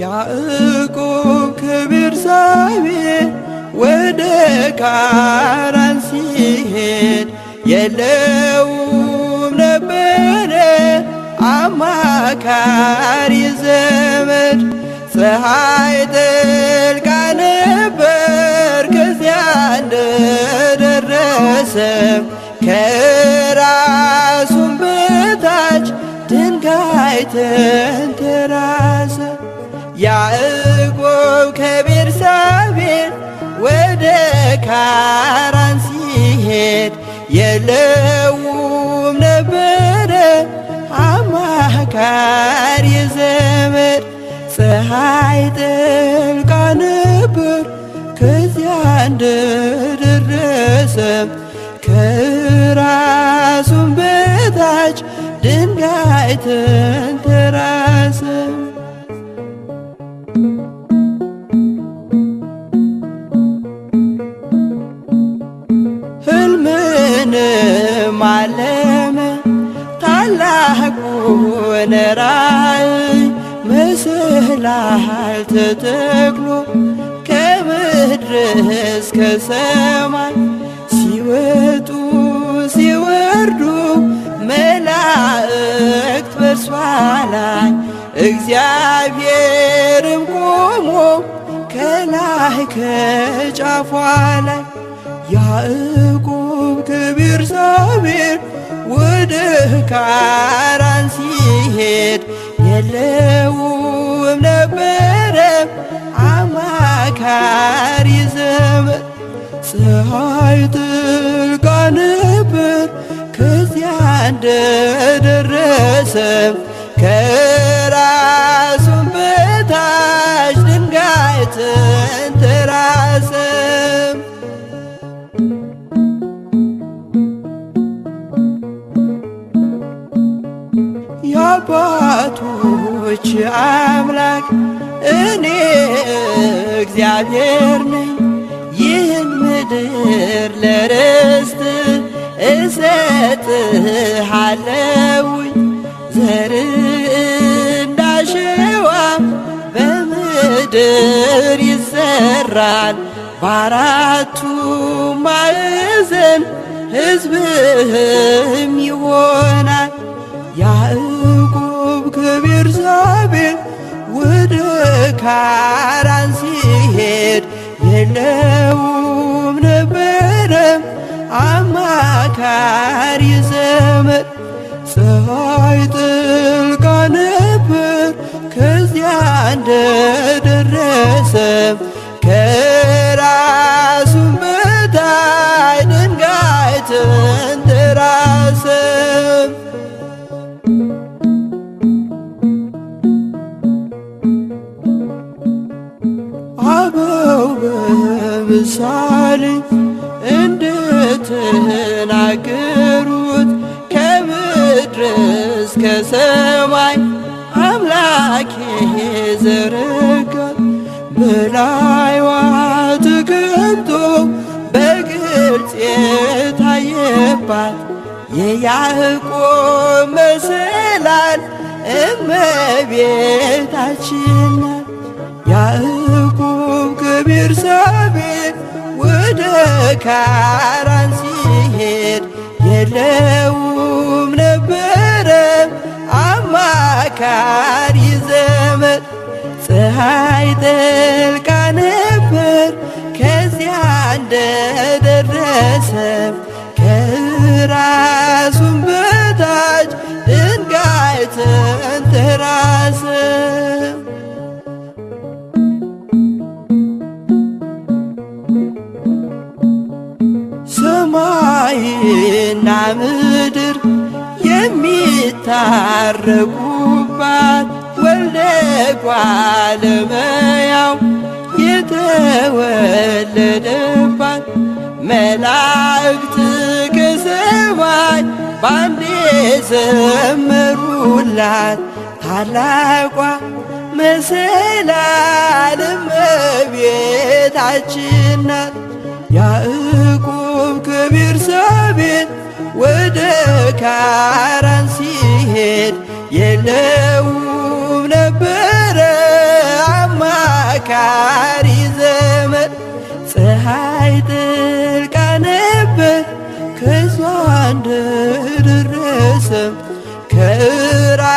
ያዕቆብ ከቤርሳቤ ወደ ካራን ሲሄድ የለውም ነበረ አማካሪ ዘመድ። ፀሐይ ጠልቃ ነበር ከዚያ እንደደረሰ ከራሱም በታች ድንጋይ ተንተራሰ። ያዕቆብ ከቤርሳቤ ወደ ካራን ሲሄድ የለውም ነበረ አማካሪ ዘመድ። ፀሐይ ጠልቃ ነበር ከዚያ እንደደረሰም ከራሱን በታች ድንጋይ ህልምንም አለመ ታላቁን ራእይ መስላል ተተክሎ ከምድር እስከ ሰማይ ሲወጡ ሲወርዱ መላእክት በእርሷ ላይ እግዚአብሔርም ቆሞ ከላይ ከጫፏ ላይ ያዕቆብ ክብር ሰብር ወደ ካራን ሲሄድ የለውም ነበረ አማካሪ ዘመድ። ፀሐይ ጥልቃ ነበር ከዚያ እንደደረሰም ከራሱም በታች ድንጋይ ተንተራሰ። የአባቶች አምላክ እኔ እግዚአብሔር ነኝ። ይህን ምድር ለርስት እሰጥሃ ምድር ይዘራል በአራቱ ማዕዘን ሕዝብህም ይሆናል። ያዕቆብ ከቤርሳቤህ ወደ ካራን ሲሄድ የለውም ነበረም አማካሪ ዘመድ ደረሰም ከራሱ በታይ ድንጋይ ተንተራሰም። አበው በምሳሌ እንደተናገሩት ከምድር እስከ ሰማይ አምላኬ ዘረጋ በላይዋ ተቀምጦ በግልጽ የታየባት የያዕቆብ መሰላል እመቤታችን ናት። ያዕቆብ ከቤርሳቤ ወደ ካራን ሲሄድ የለው ደረሰ ከራሱም በታች ድንጋይ ተንተራሰ። ሰማይና ምድር የሚታረቁባት ወልደ ጓለመያው የተወለደ መላእክት ከሰማይ ባንዴ ዘመሩላት ታላቋ መሰላል እመቤታችን ናት። ያዕቆብ ከቤርሳቤህ ወደ ካራን ሲሄድ የለው ከራሱ